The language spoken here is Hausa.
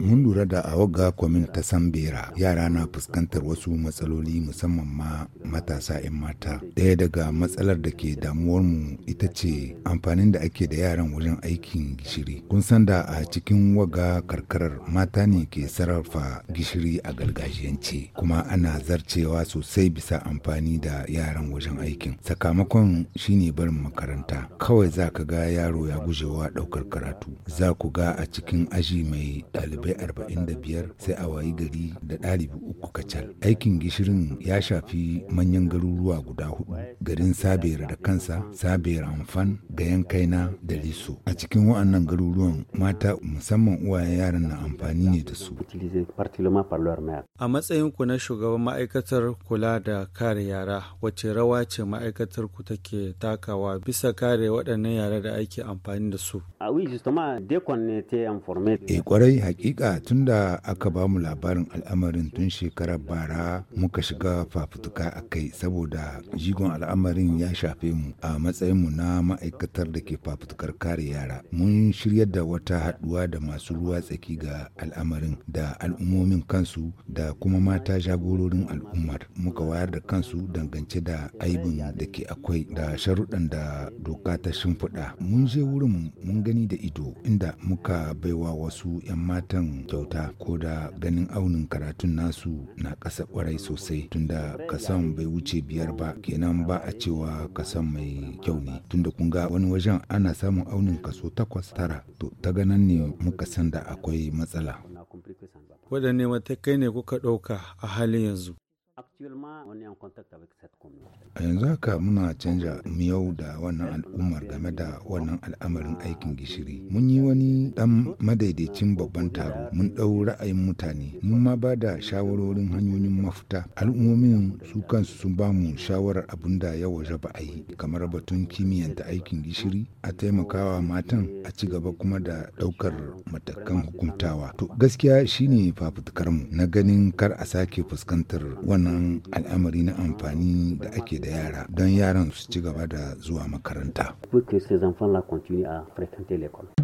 mun lura da a waga kwamin ta sambera yara na fuskantar wasu matsaloli musamman ma matasa 'yan mata ɗaya daga matsalar da ke damuwar mu ita ce amfanin da ake da yaran wajen aikin gishiri kun san da a cikin waga karkarar mata ne ke sarrafa gishiri a gargajiyance kuma ana zarcewa sosai bisa amfani da yaran wajen aikin sakamakon shine barin makaranta kawai za ka ga yaro ya gujewa ɗaukar karatu za ku ga a cikin aji mai mai ɗalibai biyar, sai a wayi gari da ɗalibi uku kacal. Aikin gishirin ya shafi manyan garuruwa guda hudu garin Sabera da kansa, Sabera Amfan, Gayan Kaina da Liso. A cikin wa'annan garuruwan mata musamman uwa yaran na amfani ne da su. A matsayin ku na shugaban ma'aikatar kula da kare yara wace rawa ce ma'aikatar ku take takawa bisa kare waɗannan yara da ake amfani da su. Ah kwarai hakika tunda aka ba mu labarin al'amarin tun shekarar bara muka shiga fafutuka a kai saboda jigon al'amarin ya shafe mu a matsayinmu na ma'aikatar da ke fafutukar kare yara mun shiryar da wata haɗuwa da masu ruwa tsaki ga al'amarin da al'ummomin kansu da kuma mata jagororin al'ummar muka wayar da kansu dangance da aibin da ke akwai da sharuɗan da doka ta shimfiɗa mun je wurin mun gani da ido inda muka baiwa wasu 'yan matan kyauta ko da ganin aunin karatun nasu na ƙasa kwarai sosai tunda kasan bai wuce biyar ba kenan ba a cewa kasan mai kyau ne tunda kun ga wani wajen ana samun aunin kaso takwas tara to ta ganan ne muka san da akwai matsala waɗanne matakai ne kuka ɗauka a halin yanzu A yanzu haka muna canja miyau da wannan al'ummar game da wannan al'amarin aikin gishiri. Mun yi wani ɗan madaidaicin babban taro, mun ɗau ra'ayin mutane, mun ma ba da shawarorin hanyoyin mafita. Al'ummomin su kansu sun ba mu shawarar abin da ya waje ba a yi, kamar batun kimiyyanta aikin gishiri, a taimakawa matan a ci gaba kuma da ɗaukar matakan hukuntawa. To gaskiya shine fafutukar mu na ganin kar a sake fuskantar wannan al'amari na amfani da ake da yara don yaran su ci gaba da zuwa makaranta. Pour que ces enfants-là continuent à fréquenter